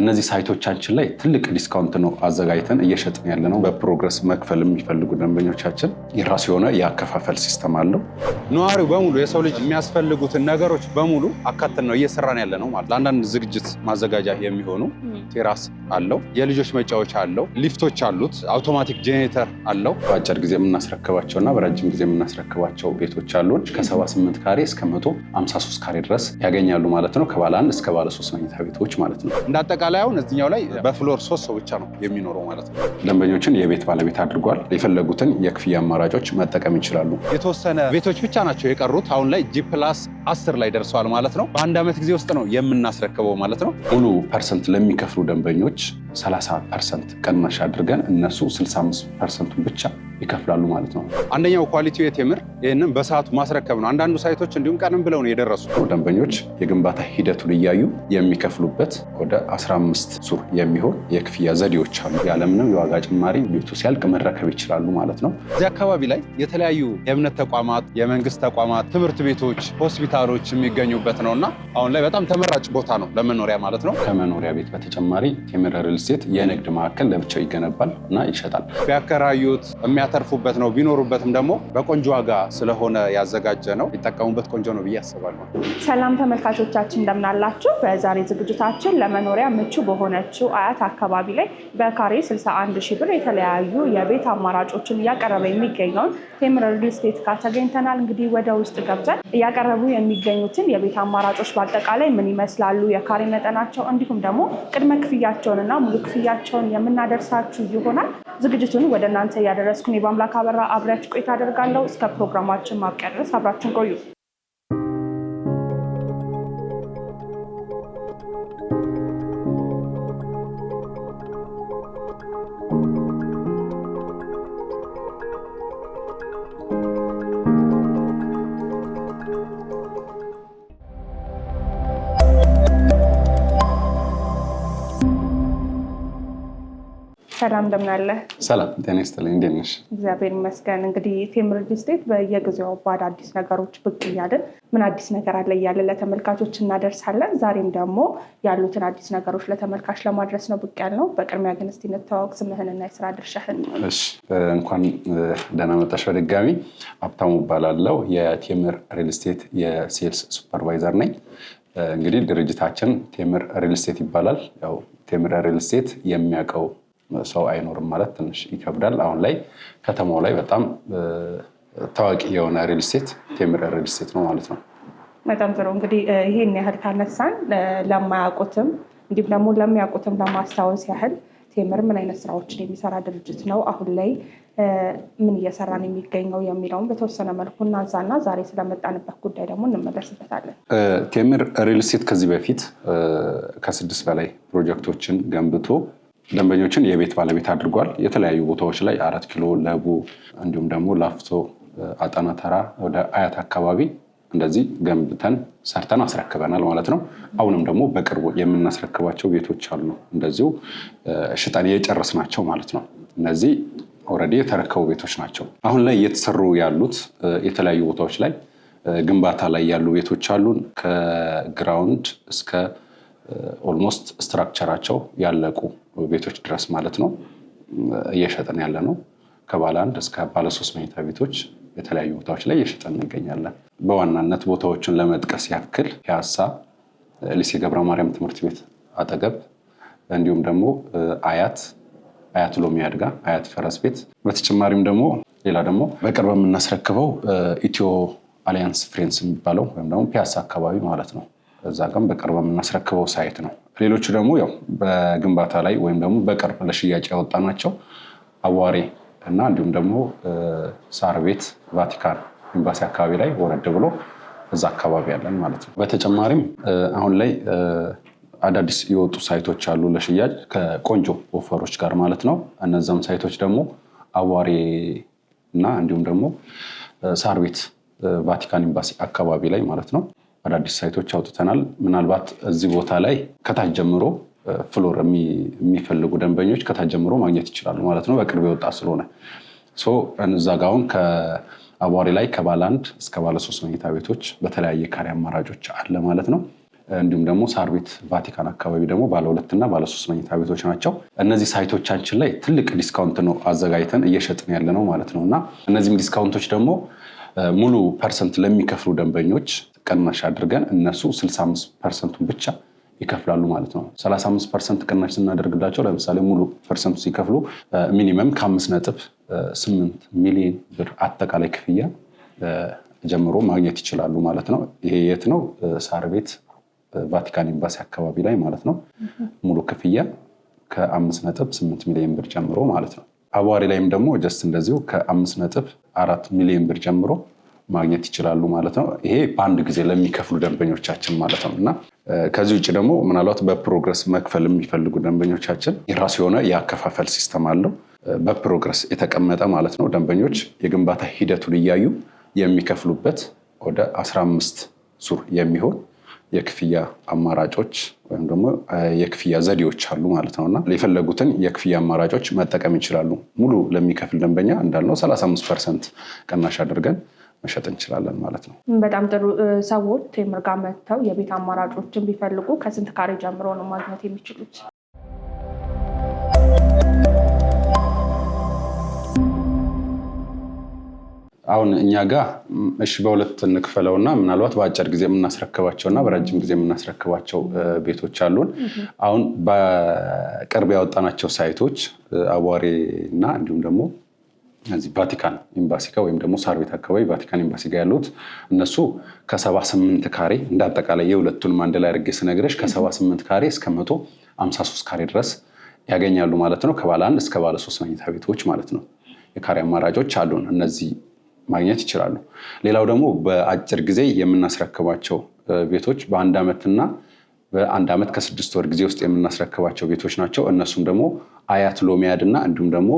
እነዚህ ሳይቶቻችን ላይ ትልቅ ዲስካውንት ነው አዘጋጅተን እየሸጥን ያለ ነው። በፕሮግረስ መክፈል የሚፈልጉ ደንበኞቻችን የራሱ የሆነ የአከፋፈል ሲስተም አለው። ነዋሪው በሙሉ የሰው ልጅ የሚያስፈልጉትን ነገሮች በሙሉ አካተን ነው እየሰራን ያለ ነው ማለት። ለአንዳንድ ዝግጅት ማዘጋጃ የሚሆኑ ቴራስ አለው፣ የልጆች መጫወቻ አለው፣ ሊፍቶች አሉት፣ አውቶማቲክ ጄኔሬተር አለው። በአጭር ጊዜ የምናስረክባቸውና በረጅም ጊዜ የምናስረክባቸው ቤቶች አሉን። ከ78 ካሬ እስከ 153 ካሬ ድረስ ያገኛሉ ማለት ነው። ከባለ አንድ እስከ ባለ ሶስት መኝታ ቤቶች ማለት ነው። አጠቃላይ አሁን እዚኛው ላይ በፍሎር ሶስት ሰው ብቻ ነው የሚኖረው ማለት ነው። ደንበኞችን የቤት ባለቤት አድርጓል። የፈለጉትን የክፍያ አማራጮች መጠቀም ይችላሉ። የተወሰነ ቤቶች ብቻ ናቸው የቀሩት አሁን ላይ ጂፕላስ አስር ላይ ደርሰዋል ማለት ነው። በአንድ ዓመት ጊዜ ውስጥ ነው የምናስረክበው ማለት ነው። ሙሉ ፐርሰንት ለሚከፍሉ ደንበኞች 30 ፐርሰንት ቅናሽ አድርገን እነሱ 65 ፐርሰንቱን ብቻ ይከፍላሉ ማለት ነው። አንደኛው ኳሊቲው የቴምር ይህንም በሰዓቱ ማስረከብ ነው። አንዳንዱ ሳይቶች እንዲሁም ቀንም ብለው ነው የደረሱ ደንበኞች የግንባታ ሂደቱን እያዩ የሚከፍሉበት ወደ 15 ዙር የሚሆን የክፍያ ዘዴዎች አሉ። ያለምንም የዋጋ ጭማሪ ቤቱ ሲያልቅ መረከብ ይችላሉ ማለት ነው። እዚህ አካባቢ ላይ የተለያዩ የእምነት ተቋማት፣ የመንግስት ተቋማት፣ ትምህርት ቤቶች፣ ሆስፒታል አካባቢዎች የሚገኙበት ነው እና አሁን ላይ በጣም ተመራጭ ቦታ ነው ለመኖሪያ ማለት ነው። ከመኖሪያ ቤት በተጨማሪ ቴምር ሪል ስቴት የንግድ ማዕከል ለብቻው ይገነባል እና ይሸጣል። ቢያከራዩት የሚያተርፉበት ነው። ቢኖሩበትም ደግሞ በቆንጆ ዋጋ ስለሆነ ያዘጋጀ ነው። ይጠቀሙበት። ቆንጆ ነው ብዬ አስባለሁ። ሰላም ተመልካቾቻችን እንደምናላችሁ። በዛሬ ዝግጅታችን ለመኖሪያ ምቹ በሆነችው አያት አካባቢ ላይ በካሬ 61 ሺህ ብር የተለያዩ የቤት አማራጮችን እያቀረበ የሚገኘውን ቴምር ሪል ስቴት ጋር ተገኝተናል። እንግዲህ ወደ ውስጥ ገብተን እያቀረቡ የሚገኙትን የቤት አማራጮች በአጠቃላይ ምን ይመስላሉ፣ የካሬ መጠናቸው፣ እንዲሁም ደግሞ ቅድመ ክፍያቸውንና ሙሉ ክፍያቸውን የምናደርሳችሁ ይሆናል። ዝግጅቱን ወደ እናንተ እያደረስኩን እኔ በአምላክ አበራ አብሪያችሁ ቆይታ አደርጋለሁ። እስከ ፕሮግራማችን ማብቂያ ድረስ አብራችን ቆዩ። ሰላም እንደምን ሰላም ጤና ይስጥልኝ። እንዴት ነሽ? እግዚአብሔር ይመስገን። እንግዲህ ቴም ሪል ስቴት በየጊዜው በአዳዲስ ነገሮች ብቅ እያልን ምን አዲስ ነገር አለ እያለን ለተመልካቾች እናደርሳለን። ዛሬም ደግሞ ያሉትን አዲስ ነገሮች ለተመልካች ለማድረስ ነው ብቅ ያልነው። በቅድሚያ ግን እስኪ እንተዋወቅ፣ ስምህንና የስራ ድርሻህን። እሺ፣ እንኳን ደህና መጣሽ በድጋሚ። ሀብታሙ እባላለሁ የቴምር ሪል ስቴት የሴልስ ሱፐርቫይዘር ነኝ። እንግዲህ ድርጅታችን ቴምር ሪል ስቴት ይባላል። ያው ቴምር ሪል ስቴት የሚያውቀው ሰው አይኖርም ማለት ትንሽ ይከብዳል። አሁን ላይ ከተማው ላይ በጣም ታዋቂ የሆነ ሪል ስቴት ቴምር ሪል ስቴት ነው ማለት ነው። በጣም ጥሩ እንግዲህ ይህን ያህል ካነሳን ለማያውቁትም እንዲሁም ደግሞ ለሚያውቁትም ለማስታወስ ያህል ቴምር ምን አይነት ስራዎችን የሚሰራ ድርጅት ነው፣ አሁን ላይ ምን እየሰራ ነው የሚገኘው የሚለውን በተወሰነ መልኩ እናንሳና ዛሬ ስለመጣንበት ጉዳይ ደግሞ እንመለስበታለን። ቴምር ሪል ስቴት ከዚህ በፊት ከስድስት በላይ ፕሮጀክቶችን ገንብቶ ደንበኞችን የቤት ባለቤት አድርጓል። የተለያዩ ቦታዎች ላይ አራት ኪሎ፣ ለቡ እንዲሁም ደግሞ ላፍቶ፣ አጣና ተራ ወደ አያት አካባቢ እንደዚህ ገንብተን ሰርተን አስረክበናል ማለት ነው። አሁንም ደግሞ በቅርቡ የምናስረክባቸው ቤቶች አሉ እንደዚሁ ሽጠን የጨረስናቸው ማለት ነው። እነዚህ ኦልሬዲ የተረከቡ ቤቶች ናቸው። አሁን ላይ እየተሰሩ ያሉት የተለያዩ ቦታዎች ላይ ግንባታ ላይ ያሉ ቤቶች አሉን። ከግራውንድ እስከ ኦልሞስት ስትራክቸራቸው ያለቁ ቤቶች ድረስ ማለት ነው እየሸጠን ያለ ነው። ከባለ አንድ እስከ ባለ ሶስት መኝታ ቤቶች የተለያዩ ቦታዎች ላይ እየሸጠን እንገኛለን። በዋናነት ቦታዎችን ለመጥቀስ ያክል ፒያሳ ሊሴ ገብረ ማርያም ትምህርት ቤት አጠገብ እንዲሁም ደግሞ አያት አያት ሎሚ አድጋ አያት ፈረስ ቤት በተጨማሪም ደግሞ ሌላ ደግሞ በቅርብ የምናስረክበው ኢትዮ አሊያንስ ፍሬንስ የሚባለው ወይም ደግሞ ፒያሳ አካባቢ ማለት ነው። እዛ ጋም በቅርብ የምናስረክበው ሳይት ነው። ሌሎቹ ደግሞ ያው በግንባታ ላይ ወይም ደግሞ በቅርብ ለሽያጭ ያወጣ ናቸው። አዋሬ እና እንዲሁም ደግሞ ሳር ቤት ቫቲካን ኤምባሲ አካባቢ ላይ ወረድ ብሎ እዛ አካባቢ ያለን ማለት ነው። በተጨማሪም አሁን ላይ አዳዲስ የወጡ ሳይቶች አሉ ለሽያጭ ከቆንጆ ኦፈሮች ጋር ማለት ነው። እነዚም ሳይቶች ደግሞ አዋሬ እና እንዲሁም ደግሞ ሳር ቤት ቫቲካን ኤምባሲ አካባቢ ላይ ማለት ነው። አዳዲስ ሳይቶች አውጥተናል። ምናልባት እዚህ ቦታ ላይ ከታች ጀምሮ ፍሎር የሚፈልጉ ደንበኞች ከታች ጀምሮ ማግኘት ይችላሉ ማለት ነው። በቅርብ የወጣ ስለሆነ እዛ ጋ አሁን ላይ ከባለ አንድ እስከ ባለ ሶስት መኝታ ቤቶች በተለያየ ካሬ አማራጮች አለ ማለት ነው። እንዲሁም ደግሞ ሳር ቤት ቫቲካን አካባቢ ደግሞ ባለ ሁለትና ባለ ሶስት መኝታ ቤቶች ናቸው። እነዚህ ሳይቶቻችን ላይ ትልቅ ዲስካውንት ነው አዘጋጅተን እየሸጥን ያለ ነው ማለት ነው እና እነዚህም ዲስካውንቶች ደግሞ ሙሉ ፐርሰንት ለሚከፍሉ ደንበኞች ቅናሽ አድርገን እነሱ 65 ፐርሰንቱን ብቻ ይከፍላሉ ማለት ነው። 35 ፐርሰንት ቅናሽ ስናደርግላቸው ለምሳሌ ሙሉ ፐርሰንቱ ሲከፍሉ ሚኒመም ከአምስት ነጥብ ስምንት ሚሊዮን ብር አጠቃላይ ክፍያ ጀምሮ ማግኘት ይችላሉ ማለት ነው። ይሄ የት ነው? ሳር ቤት ቫቲካን ኤምባሲ አካባቢ ላይ ማለት ነው። ሙሉ ክፍያ ከአምስት ነጥብ ስምንት ሚሊዮን ብር ጀምሮ ማለት ነው። አዋሪ ላይም ደግሞ ጀስት እንደዚሁ ከአምስት ነጥብ አራት ሚሊዮን ብር ጀምሮ ማግኘት ይችላሉ ማለት ነው። ይሄ በአንድ ጊዜ ለሚከፍሉ ደንበኞቻችን ማለት ነው እና ከዚህ ውጭ ደግሞ ምናልባት በፕሮግረስ መክፈል የሚፈልጉ ደንበኞቻችን የራሱ የሆነ የአከፋፈል ሲስተም አለው። በፕሮግረስ የተቀመጠ ማለት ነው። ደንበኞች የግንባታ ሂደቱን እያዩ የሚከፍሉበት ወደ 15 ዙር የሚሆን የክፍያ አማራጮች ወይም ደግሞ የክፍያ ዘዴዎች አሉ ማለት ነው እና የፈለጉትን የክፍያ አማራጮች መጠቀም ይችላሉ። ሙሉ ለሚከፍል ደንበኛ እንዳልነው 35 ፐርሰንት ቅናሽ አድርገን መሸጥ እንችላለን ማለት ነው። በጣም ጥሩ። ሰዎች ቴምር ጋር መጥተው የቤት አማራጮችን ቢፈልጉ ከስንት ካሬ ጀምሮ ነው ማግኘት የሚችሉት? አሁን እኛ ጋ እሺ በሁለት እንክፈለውና ምናልባት በአጭር ጊዜ የምናስረክባቸውና በረጅም ጊዜ የምናስረክባቸው ቤቶች አሉን። አሁን በቅርብ ያወጣናቸው ሳይቶች አዋሬ እና እንዲሁም ደግሞ እዚህ ቫቲካን ኤምባሲ ጋር ወይም ደግሞ ሳር ቤት አካባቢ ቫቲካን ኤምባሲ ጋር ያሉት እነሱ ከሰባ ስምንት ካሬ እንደ አጠቃላይ የሁለቱንም አንድ ላይ አድርጌ ስነግረሽ ከሰባ ስምንት ካሬ እስከ መቶ አምሳ ሶስት ካሬ ድረስ ያገኛሉ ማለት ነው። ከባለ አንድ እስከ ባለ ሶስት መኝታ ቤቶች ማለት ነው የካሬ አማራጮች አሉን። እነዚህ ማግኘት ይችላሉ። ሌላው ደግሞ በአጭር ጊዜ የምናስረክባቸው ቤቶች በአንድ ዓመትና በአንድ ዓመት ከስድስት ወር ጊዜ ውስጥ የምናስረክባቸው ቤቶች ናቸው። እነሱም ደግሞ አያት ሎሚያድ እና እንዲሁም ደግሞ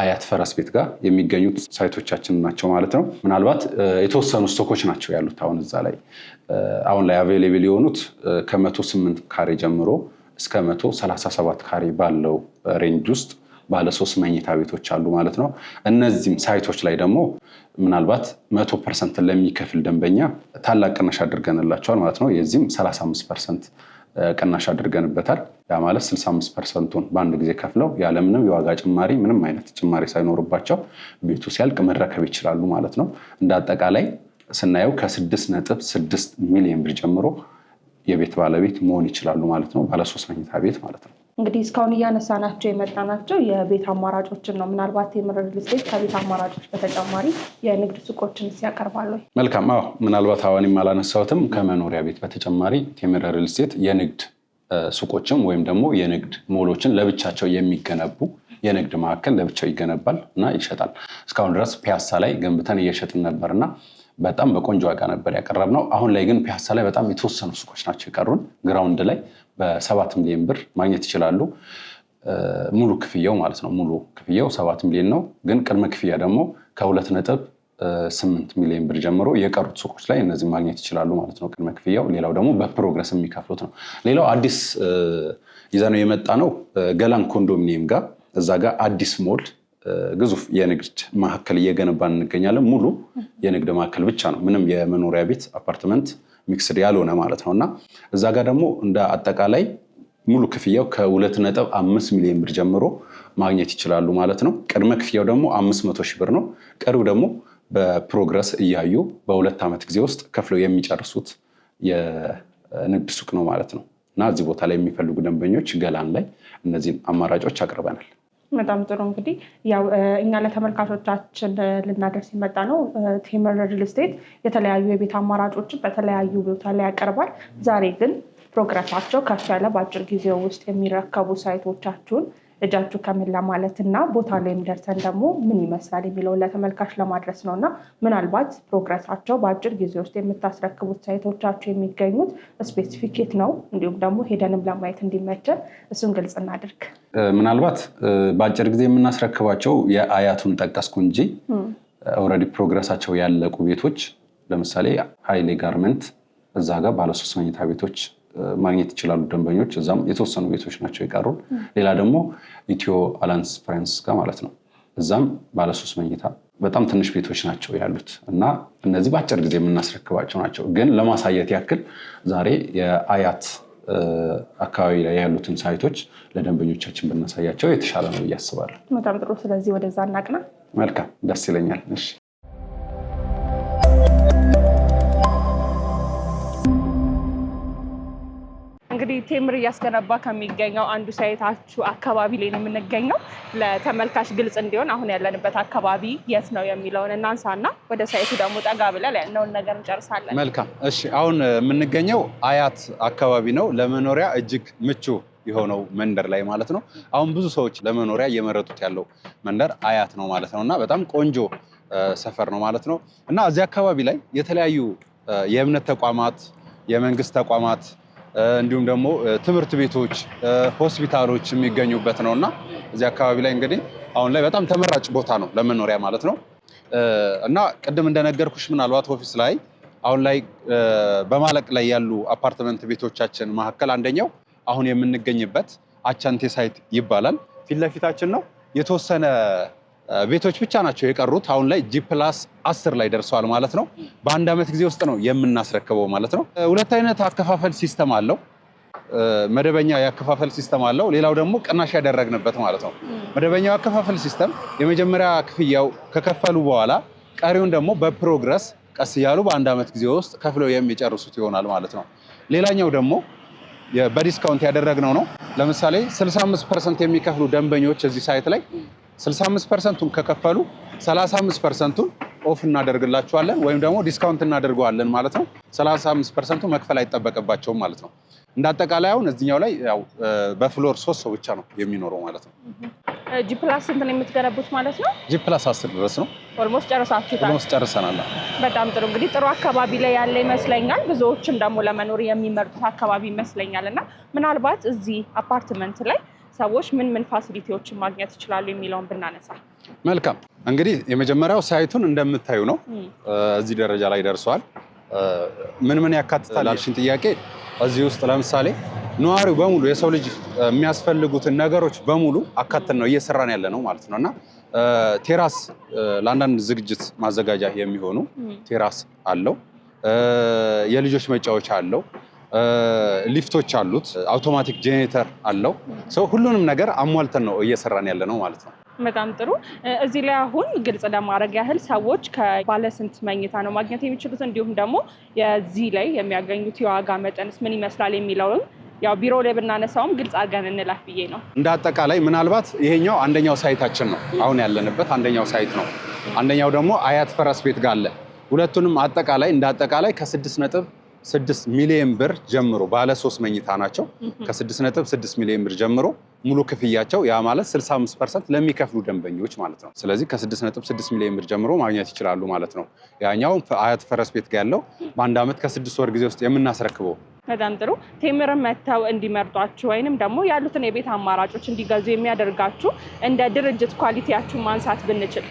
አያት ፈረስ ቤት ጋር የሚገኙት ሳይቶቻችን ናቸው ማለት ነው። ምናልባት የተወሰኑ ስቶኮች ናቸው ያሉት አሁን እዛ ላይ አሁን ላይ አቬሌብል የሆኑት ከመቶ ስምንት ካሬ ጀምሮ እስከ መቶ ሰላሳ ሰባት ካሬ ባለው ሬንጅ ውስጥ ባለ ሶስት መኝታ ቤቶች አሉ ማለት ነው። እነዚህም ሳይቶች ላይ ደግሞ ምናልባት መቶ ፐርሰንት ለሚከፍል ደንበኛ ታላቅ ቅናሽ አድርገንላቸዋል ማለት ነው። የዚህም ሰላሳ አምስት ፐርሰንት ቅናሽ አድርገንበታል። ያ ማለት 65 ፐርሰንቱን በአንድ ጊዜ ከፍለው ያለምንም የዋጋ ጭማሪ ምንም አይነት ጭማሪ ሳይኖርባቸው ቤቱ ሲያልቅ መረከብ ይችላሉ ማለት ነው። እንደ አጠቃላይ ስናየው ከ6.6 ሚሊዮን ብር ጀምሮ የቤት ባለቤት መሆን ይችላሉ ማለት ነው። ባለሶስት መኝታ ቤት ማለት ነው። እንግዲህ እስካሁን እያነሳናቸው የመጣናቸው የቤት አማራጮችን ነው። ምናልባት የምር ሪል ከቤት አማራጮች በተጨማሪ የንግድ ሱቆችን ያቀርባሉ። መልካም። አዎ፣ ምናልባት አሁን አላነሳውትም ከመኖሪያ ቤት በተጨማሪ የምር ሪል የንግድ ሱቆችም ወይም ደግሞ የንግድ ሞሎችን ለብቻቸው የሚገነቡ የንግድ ማዕከል ለብቻው ይገነባል እና ይሸጣል። እስካሁን ድረስ ፒያሳ ላይ ገንብተን እየሸጥን ነበርና። በጣም በቆንጆ ዋጋ ነበር ያቀረብ ነው። አሁን ላይ ግን ፒያሳ ላይ በጣም የተወሰኑ ሱቆች ናቸው የቀሩን። ግራውንድ ላይ በሰባት ሚሊዮን ብር ማግኘት ይችላሉ። ሙሉ ክፍያው ማለት ነው። ሙሉ ክፍያው ሰባት ሚሊዮን ነው። ግን ቅድመ ክፍያ ደግሞ ከሁለት ነጥብ ስምንት ሚሊዮን ብር ጀምሮ የቀሩት ሱቆች ላይ እነዚህ ማግኘት ይችላሉ ማለት ነው ቅድመ ክፍያው። ሌላው ደግሞ በፕሮግረስ የሚከፍሉት ነው። ሌላው አዲስ ይዘነው የመጣ ነው ገላን ኮንዶሚኒየም ጋር እዛ ጋር አዲስ ሞል ግዙፍ የንግድ ማዕከል እየገነባን እንገኛለን ሙሉ የንግድ ማዕከል ብቻ ነው። ምንም የመኖሪያ ቤት አፓርትመንት ሚክስድ ያልሆነ ማለት ነው እና እዛ ጋር ደግሞ እንደ አጠቃላይ ሙሉ ክፍያው ከሁለት ነጥብ አምስት ሚሊዮን ብር ጀምሮ ማግኘት ይችላሉ ማለት ነው። ቅድመ ክፍያው ደግሞ አምስት መቶ ሺህ ብር ነው። ቀሪው ደግሞ በፕሮግረስ እያዩ በሁለት ዓመት ጊዜ ውስጥ ከፍለው የሚጨርሱት የንግድ ሱቅ ነው ማለት ነው እና እዚህ ቦታ ላይ የሚፈልጉ ደንበኞች ገላን ላይ እነዚህን አማራጮች አቅርበናል። በጣም ጥሩ እንግዲህ ያው እኛ ለተመልካቾቻችን ልናደርስ የመጣ ነው። ቴምር ሪል ስቴት የተለያዩ የቤት አማራጮችን በተለያዩ ቦታ ላይ ያቀርባል። ዛሬ ግን ፕሮግረሳቸው ከፍ ያለ በአጭር ጊዜ ውስጥ የሚረከቡ ሳይቶቻችሁን እጃችሁ ከምን ለማለት እና ቦታ ላይም ደርሰን ደግሞ ምን ይመስላል የሚለውን ለተመልካች ለማድረስ ነው እና ምናልባት ፕሮግረሳቸው በአጭር ጊዜ ውስጥ የምታስረክቡት ሳይቶቻቸው የሚገኙት ስፔሲፊኬት ነው እንዲሁም ደግሞ ሄደንም ለማየት እንዲመቸን እሱን ግልጽ እናድርግ። ምናልባት በአጭር ጊዜ የምናስረክባቸው የአያቱን ጠቀስኩ እንጂ ኦልሬዲ ፕሮግረሳቸው ያለቁ ቤቶች ለምሳሌ ሀይሌ ጋርመንት እዛ ጋር ባለሶስት መኝታ ቤቶች ማግኘት ይችላሉ ደንበኞች። እዛም የተወሰኑ ቤቶች ናቸው የቀሩን። ሌላ ደግሞ ኢትዮ አላንስ ፍራንስ ጋር ማለት ነው። እዛም ባለሶስት መኝታ በጣም ትንሽ ቤቶች ናቸው ያሉት እና እነዚህ በአጭር ጊዜ የምናስረክባቸው ናቸው። ግን ለማሳየት ያክል ዛሬ የአያት አካባቢ ላይ ያሉትን ሳይቶች ለደንበኞቻችን ብናሳያቸው የተሻለ ነው ብዬ አስባለሁ። በጣም ጥሩ። ስለዚህ ወደዛ እናቅና። መልካም፣ ደስ ይለኛል። እሺ እንግዲህ ቴምር እያስገነባ ከሚገኘው አንዱ ሳይታችሁ አካባቢ ላይ ነው የምንገኘው። ለተመልካች ግልጽ እንዲሆን አሁን ያለንበት አካባቢ የት ነው የሚለውን እናንሳና ወደ ሳይቱ ደግሞ ጠጋ ብለን ያለውን ነገር እንጨርሳለን። መልካም እሺ። አሁን የምንገኘው አያት አካባቢ ነው፣ ለመኖሪያ እጅግ ምቹ የሆነው መንደር ላይ ማለት ነው። አሁን ብዙ ሰዎች ለመኖሪያ እየመረጡት ያለው መንደር አያት ነው ማለት ነው እና በጣም ቆንጆ ሰፈር ነው ማለት ነው እና እዚህ አካባቢ ላይ የተለያዩ የእምነት ተቋማት፣ የመንግስት ተቋማት እንዲሁም ደግሞ ትምህርት ቤቶች፣ ሆስፒታሎች የሚገኙበት ነው እና እዚህ አካባቢ ላይ እንግዲህ አሁን ላይ በጣም ተመራጭ ቦታ ነው ለመኖሪያ ማለት ነው እና ቅድም እንደነገርኩሽ ምናልባት ኦፊስ ላይ አሁን ላይ በማለቅ ላይ ያሉ አፓርትመንት ቤቶቻችን መካከል አንደኛው አሁን የምንገኝበት አቻንቴ ሳይት ይባላል። ፊት ለፊታችን ነው የተወሰነ ቤቶች ብቻ ናቸው የቀሩት። አሁን ላይ ጂ ፕላስ አስር ላይ ደርሰዋል ማለት ነው። በአንድ ዓመት ጊዜ ውስጥ ነው የምናስረክበው ማለት ነው። ሁለት አይነት አከፋፈል ሲስተም አለው። መደበኛ የአከፋፈል ሲስተም አለው። ሌላው ደግሞ ቅናሽ ያደረግንበት ማለት ነው። መደበኛው አከፋፈል ሲስተም የመጀመሪያ ክፍያው ከከፈሉ በኋላ ቀሪውን ደግሞ በፕሮግረስ ቀስ እያሉ በአንድ ዓመት ጊዜ ውስጥ ከፍለው የሚጨርሱት ይሆናል ማለት ነው። ሌላኛው ደግሞ በዲስካውንት ያደረግነው ነው። ለምሳሌ 65 ፐርሰንት የሚከፍሉ ደንበኞች እዚህ ሳይት ላይ 65 ፐርሰንቱን ከከፈሉ 35 ፐርሰንቱን ኦፍ እናደርግላቸዋለን ወይም ደግሞ ዲስካውንት እናደርገዋለን ማለት ነው። 35 ፐርሰንቱ መክፈል አይጠበቅባቸውም ማለት ነው። እንደ አሁን እዚኛው ላይ ያው በፍሎር ሶስት ሰው ብቻ ነው የሚኖረው ማለት ነው። ጂ ፕላስ ስንት ነው የምትገነቡት ማለት ነው? ጂ ፕላስ አስር ድረስ ነው። ኦልሞስት ጨርሳችሁታል? ኦልሞስት ጨርሰናል። በጣም ጥሩ እንግዲህ ጥሩ አካባቢ ላይ ያለ ይመስለኛል። ብዙዎችም ደግሞ ለመኖር የሚመርጡት አካባቢ ይመስለኛል እና ምናልባት እዚህ አፓርትመንት ላይ ሰዎች ምን ምን ፋሲሊቲዎችን ማግኘት ይችላሉ የሚለውን ብናነሳ መልካም። እንግዲህ የመጀመሪያው ሳይቱን እንደምታዩ ነው፣ እዚህ ደረጃ ላይ ደርሰዋል። ምን ምን ያካትታል ያልሽን ጥያቄ እዚህ ውስጥ ለምሳሌ ነዋሪው በሙሉ የሰው ልጅ የሚያስፈልጉትን ነገሮች በሙሉ አካተን ነው እየሰራን ያለ ነው ማለት ነው እና ቴራስ ለአንዳንድ ዝግጅት ማዘጋጃ የሚሆኑ ቴራስ አለው። የልጆች መጫወቻ አለው። ሊፍቶች አሉት፣ አውቶማቲክ ጄኔሬተር አለው። ሰው ሁሉንም ነገር አሟልተን ነው እየሰራን ያለ ነው ማለት ነው። በጣም ጥሩ። እዚህ ላይ አሁን ግልጽ ለማድረግ ያህል ሰዎች ከባለስንት መኝታ ነው ማግኘት የሚችሉት፣ እንዲሁም ደግሞ የዚህ ላይ የሚያገኙት የዋጋ መጠንስ ምን ይመስላል የሚለውም ያው ቢሮ ላይ ብናነሳውም ግልጽ አድርገን እንላፍ ብዬ ነው። እንደ አጠቃላይ ምናልባት ይሄኛው አንደኛው ሳይታችን ነው፣ አሁን ያለንበት አንደኛው ሳይት ነው። አንደኛው ደግሞ አያት ፈረስ ቤት ጋር አለ። ሁለቱንም አጠቃላይ እንደ አጠቃላይ ከስድስት ነጥብ ስድስት ሚሊዮን ብር ጀምሮ ባለ ሶስት መኝታ ናቸው። ከስድስት ነጥብ ስድስት ሚሊዮን ብር ጀምሮ ሙሉ ክፍያቸው ያ ማለት 65 ፐርሰንት ለሚከፍሉ ደንበኞች ማለት ነው። ስለዚህ ከስድስት ነጥብ ስድስት ሚሊዮን ብር ጀምሮ ማግኘት ይችላሉ ማለት ነው። ያኛው አያት ፈረስ ቤት ጋር ያለው በአንድ ዓመት ከስድስት ወር ጊዜ ውስጥ የምናስረክበው በጣም ጥሩ ቴምር መጥተው እንዲመርጧችሁ ወይንም ደግሞ ያሉትን የቤት አማራጮች እንዲገዙ የሚያደርጋችሁ እንደ ድርጅት ኳሊቲያችሁ ማንሳት ብንችል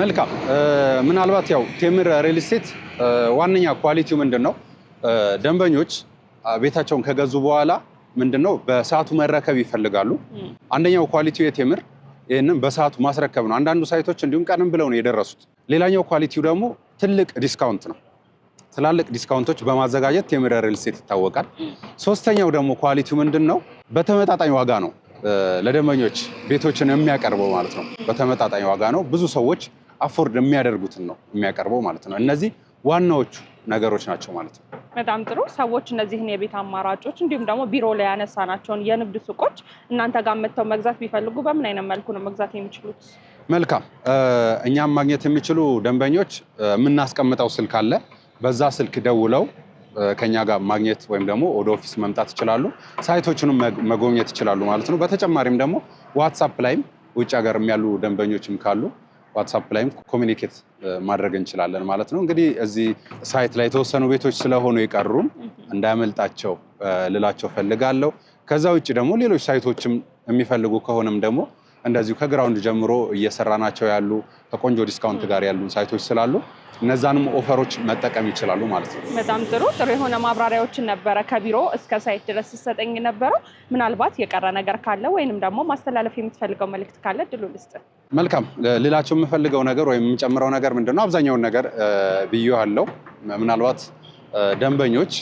መልካም። ምናልባት ያው ቴምር ሪል ስቴት ዋነኛ ኳሊቲው ምንድን ነው? ደንበኞች ቤታቸውን ከገዙ በኋላ ምንድን ነው በሰዓቱ መረከብ ይፈልጋሉ። አንደኛው ኳሊቲው የቴምር ይህንን በሰዓቱ ማስረከብ ነው። አንዳንዱ ሳይቶች እንዲሁም ቀንም ብለው ነው የደረሱት። ሌላኛው ኳሊቲው ደግሞ ትልቅ ዲስካውንት ነው። ትላልቅ ዲስካውንቶች በማዘጋጀት ቴምር ሪል ስቴት ይታወቃል። ሶስተኛው ደግሞ ኳሊቲው ምንድን ነው? በተመጣጣኝ ዋጋ ነው ለደንበኞች ቤቶችን የሚያቀርበው ማለት ነው። በተመጣጣኝ ዋጋ ነው። ብዙ ሰዎች አፎርድ የሚያደርጉትን ነው የሚያቀርበው ማለት ነው። እነዚህ ዋናዎቹ ነገሮች ናቸው ማለት ነው። በጣም ጥሩ ሰዎች እነዚህን የቤት አማራጮች እንዲሁም ደግሞ ቢሮ ላይ ያነሳናቸውን የንግድ ሱቆች እናንተ ጋር መጥተው መግዛት ቢፈልጉ በምን አይነት መልኩ ነው መግዛት የሚችሉት? መልካም እኛም ማግኘት የሚችሉ ደንበኞች የምናስቀምጠው ስልክ አለ። በዛ ስልክ ደውለው ከኛ ጋር ማግኘት ወይም ደግሞ ወደ ኦፊስ መምጣት ይችላሉ። ሳይቶቹንም መጎብኘት ይችላሉ ማለት ነው። በተጨማሪም ደግሞ ዋትሳፕ ላይም ውጭ ሀገርም ያሉ ደንበኞችም ካሉ ዋትሳፕ ላይም ኮሚኒኬት ማድረግ እንችላለን ማለት ነው። እንግዲህ እዚህ ሳይት ላይ የተወሰኑ ቤቶች ስለሆኑ የቀሩን እንዳያመልጣቸው ልላቸው ፈልጋለሁ። ከዛ ውጭ ደግሞ ሌሎች ሳይቶችም የሚፈልጉ ከሆነም ደግሞ እንደዚሁ ከግራውንድ ጀምሮ እየሰራ ናቸው ያሉ ከቆንጆ ዲስካውንት ጋር ያሉ ሳይቶች ስላሉ እነዛንም ኦፈሮች መጠቀም ይችላሉ ማለት ነው። በጣም ጥሩ ጥሩ የሆነ ማብራሪያዎችን ነበረ ከቢሮ እስከ ሳይት ድረስ ሲሰጠኝ ነበረው። ምናልባት የቀረ ነገር ካለ ወይንም ደግሞ ማስተላለፍ የምትፈልገው መልእክት ካለ ድሉ ልስጥ። መልካም ልላቸው የምፈልገው ነገር ወይም የምጨምረው ነገር ምንድነው? ነው አብዛኛውን ነገር ብዩ አለው ምናልባት ደንበኞች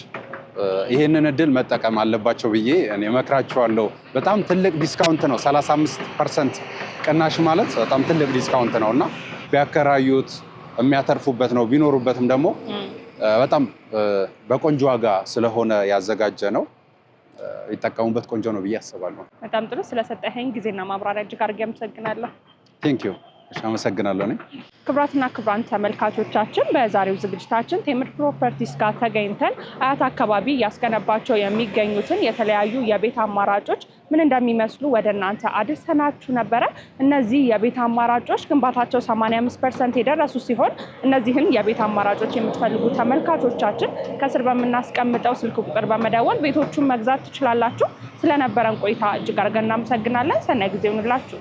ይህንን እድል መጠቀም አለባቸው ብዬ እኔ እመክራቸዋለሁ። በጣም ትልቅ ዲስካውንት ነው። 35 ፐርሰንት ቅናሽ ማለት በጣም ትልቅ ዲስካውንት ነው እና ቢያከራዩት የሚያተርፉበት ነው። ቢኖሩበትም ደግሞ በጣም በቆንጆ ዋጋ ስለሆነ ያዘጋጀ ነው ይጠቀሙበት። ቆንጆ ነው ብዬ አስባለሁ። በጣም ጥሩ። ስለሰጠኸኝ ጊዜና ማብራሪያ እጅግ አድርጌ አመሰግናለሁ። ቴንክ ዩ አመሰግናለሁ። እኔ ክቡራትና ተመልካቾቻችን በዛሬው ዝግጅታችን ቴምር ፕሮፐርቲስ ጋር ተገኝተን አያት አካባቢ እያስገነባቸው የሚገኙትን የተለያዩ የቤት አማራጮች ምን እንደሚመስሉ ወደ እናንተ አድርሰናችሁ ነበረ። እነዚህ የቤት አማራጮች ግንባታቸው 85 ፐርሰንት የደረሱ ሲሆን እነዚህን የቤት አማራጮች የምትፈልጉ ተመልካቾቻችን ከስር በምናስቀምጠው ስልክ ቁጥር በመደወል ቤቶቹን መግዛት ትችላላችሁ። ስለነበረን ቆይታ እጅግ አድርገን እናመሰግናለን። ሰናይ ጊዜ ይሁንላችሁ።